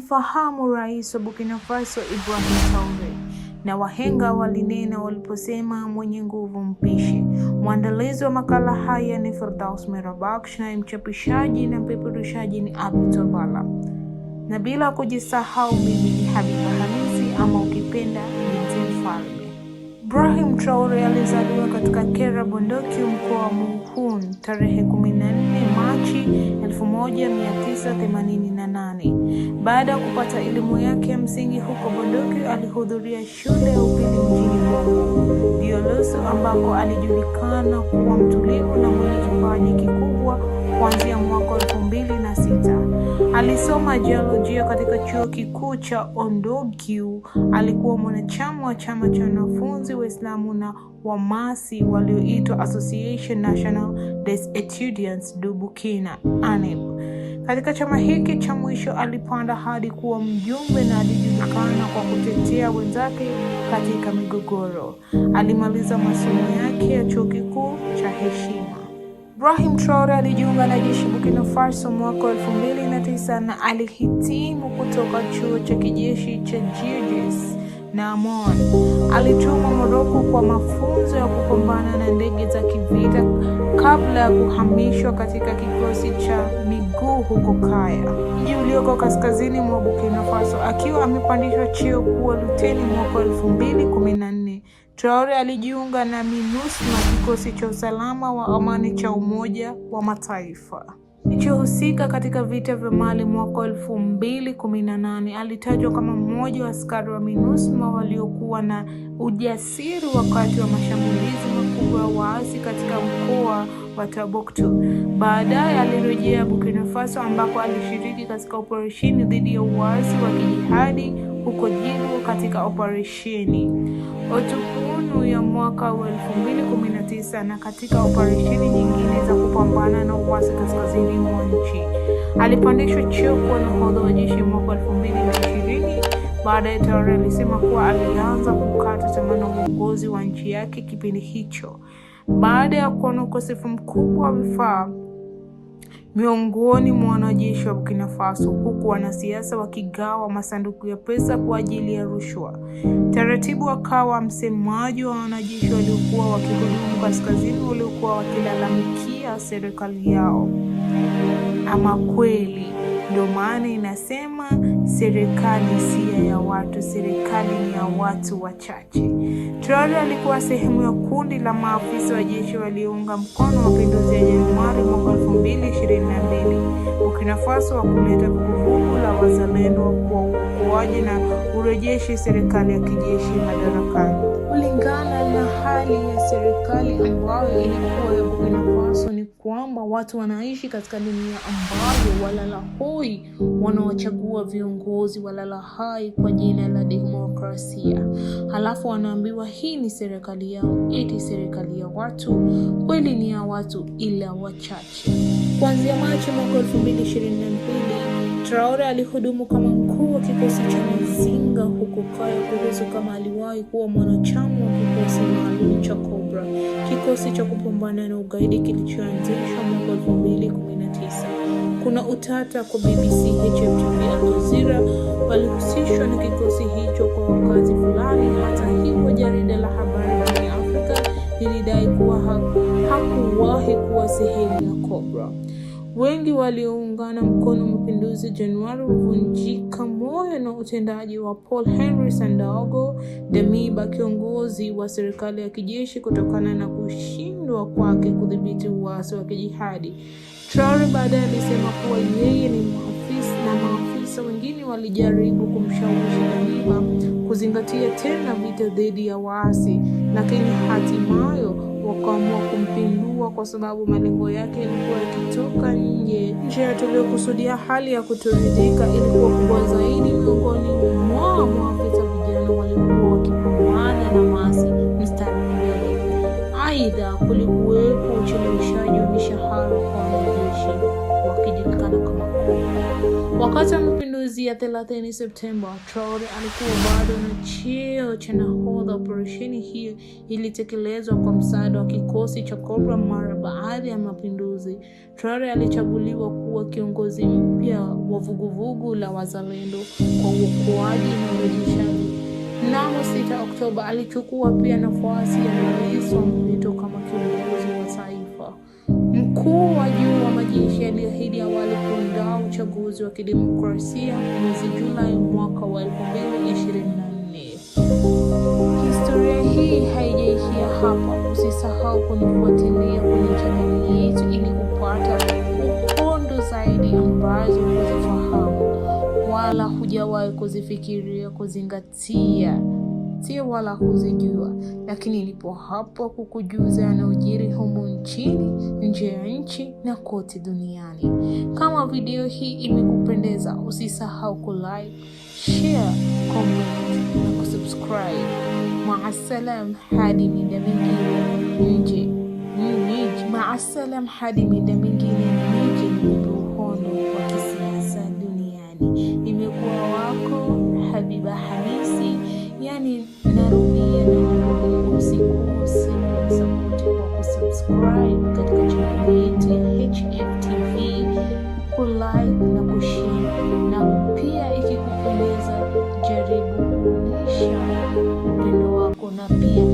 kumfahamu rais wa Burkina Faso Ibrahim Traore, na wahenga walinena waliposema mwenye nguvu mpishe. Mwandalizi wa makala haya ni Firdaus Merabaksh, naye mchapishaji na mpeperushaji ni Abito tobala na bila kujisahau, mimi ni Habiba Hamisi ama ukipenda Mfalme. Ibrahim Traore alizaliwa katika Kera Bondoki, mkoa wa Muhun tarehe 14 Machi 1988. Baada ya kupata elimu yake ya msingi huko Bodoki, alihudhuria shule ya upili mjini Bongo Dioleso, ambako alijulikana kuwa mtulivu na mwenye kipaji kikubwa kuanzia mwaka 2006. Alisoma jiolojia katika Chuo Kikuu cha ondogiu Alikuwa mwanachama wa chama cha wanafunzi Waislamu na Wamasi walioitwa Association National des Etudiants du Burkina Aneb. Katika chama hiki cha mwisho alipanda hadi kuwa mjumbe na alijulikana kwa kutetea wenzake katika migogoro. Alimaliza masomo yake ya chuo kikuu cha heshima. Ibrahim Traore alijiunga na jeshi Burkina Faso mwaka 2009 na alihitimu kutoka chuo cha kijeshi cha Giges na Amon. Alitumwa Moroko kwa mafunzo ya kupambana na ndege za kivita kabla ya kuhamishwa katika kikosi cha miguu huko Kaya, mji ulioko kaskazini mwa Burkina Faso, akiwa amepandishwa cheo kuwa luteni mwaka 2014. Traore alijiunga na MINUSMA kikosi cha usalama wa amani cha Umoja wa Mataifa kilichohusika katika vita vya Mali mwaka elfu mbili kumi na nane. Alitajwa kama mmoja wa askari wa MINUSMA waliokuwa na ujasiri wakati wa mashambulizi makubwa ya waasi katika mkoa wa Tabuktu. Baadaye alirejea Burkina Faso ambako alishiriki katika operesheni dhidi ya uasi wa kijihadi huko Jibu katika operesheni Otukunu ya mwaka wa 2019 na katika operesheni nyingine za kupambana na uwasi kaskazini mwa nchi. Alipandishwa chio kuwa nahodha wa jeshi mwaka 2020. Baada ya Traore alisema kuwa alianza kukata tamaa na uongozi wa nchi yake kipindi hicho baada ya kuona ukosefu mkubwa wa vifaa miongoni mwa wanajeshi wa Burkina Faso, huku wanasiasa wakigawa masanduku ya pesa kwa ajili ya rushwa. Taratibu akawa msemaji wa wanajeshi waliokuwa wakihudumu kaskazini, waliokuwa wakilalamikia serikali yao. Ama kweli, ndio maana inasema Serikali si ya watu, serikali ni ya watu wachache. Traore alikuwa sehemu ya kundi la maafisa wa jeshi waliounga mkono mapinduzi ya Januari mwaka 2022 Burkina Faso wa kuleta vuguvugu la wazalendo kwa uokoaji na urejeshi serikali ya kijeshi madarakani. Kulingana na hali ya serikali ambayo ilikuwa ya Burkina Faso kwamba watu wanaishi katika dunia ambayo walala hoi wanaochagua viongozi walala hai kwa jina la demokrasia, halafu wanaambiwa hii ni serikali yao, iti serikali ya watu. Kweli ni ya watu, ila wachache. Kuanzia Machi mwaka elfu mbili ishirini na mbili Traore alihudumu kama mkuu wa kikosi cha Mazinga huko Kayo kuhusu kama aliwahi kuwa mwanachama ya Somali cha Cobra, kikosi cha kupambana na ugaidi kilichoanzishwa mwaka 2019. Kuna utata kwa BBC, HFTV, Al Jazeera walihusishwa na kikosi hicho kwa wakazi fulani. Hata hivyo, jarida la habari la Afrika lilidai kuwa hakuwahi kuwa sehemu ya Cobra. Wengi waliungana mkono mapinduzi Januari huvunjika moyo na utendaji wa Paul Henry Sandaogo Damiba, kiongozi wa serikali ya kijeshi kutokana na kushindwa kwake kudhibiti uasi wa kijihadi. Traore baadaye alisema kuwa yeye ni maafisa na maafisa wengine walijaribu kumshawishi Damiba kuzingatia tena vita dhidi ya waasi, lakini hatimayo wakaamua kumpindua kwa sababu malengo yake yalikuwa yakitoka nje. Njia tuliyokusudia, hali ya kutoridhika ilikuwa kubwa zaidi miongoni mwa maafisa vijana waliokuwa wakipambana na maasi mstari mbele. Aidha, kulikuwa Wakati wa mapinduzi ya 30 Septemba, Traore alikuwa bado na cheo cha nahodha. Operesheni hiyo ilitekelezwa kwa msaada wa kikosi cha Cobra mara baada ya mapinduzi. Traore alichaguliwa kuwa kiongozi mpya wa vuguvugu la wazalendo kwa uokoaji na urejeshaji. Mnamo 6 Oktoba alichukua pia nafasi ya rais wa mpito kama kiongozi wa taifa mkuu wa juu kijeshi aliahidi awali kuandaa uchaguzi wa kidemokrasia mwezi Julai mwaka wa 2024. Historia hii haijaishia hapa. Usisahau kunifuatilia kwenye chaneli yetu ili kupata ukondo zaidi ambazo huzifahamu wala hujawahi kuzifikiria kuzingatia si wala huzijua, lakini nipo hapo kukujuza yanayojiri humu nchini, nje ya nchi na kote duniani. Kama video hii imekupendeza, usisahau kulike, share, comment na kusubscribe. Maasalam hadi mida mingine nje niji. Maasalam hadi mida mingine nje Uhondo wa kisiasa duniani, imekuwa wako Habiba Hamisi yani no hago una piel.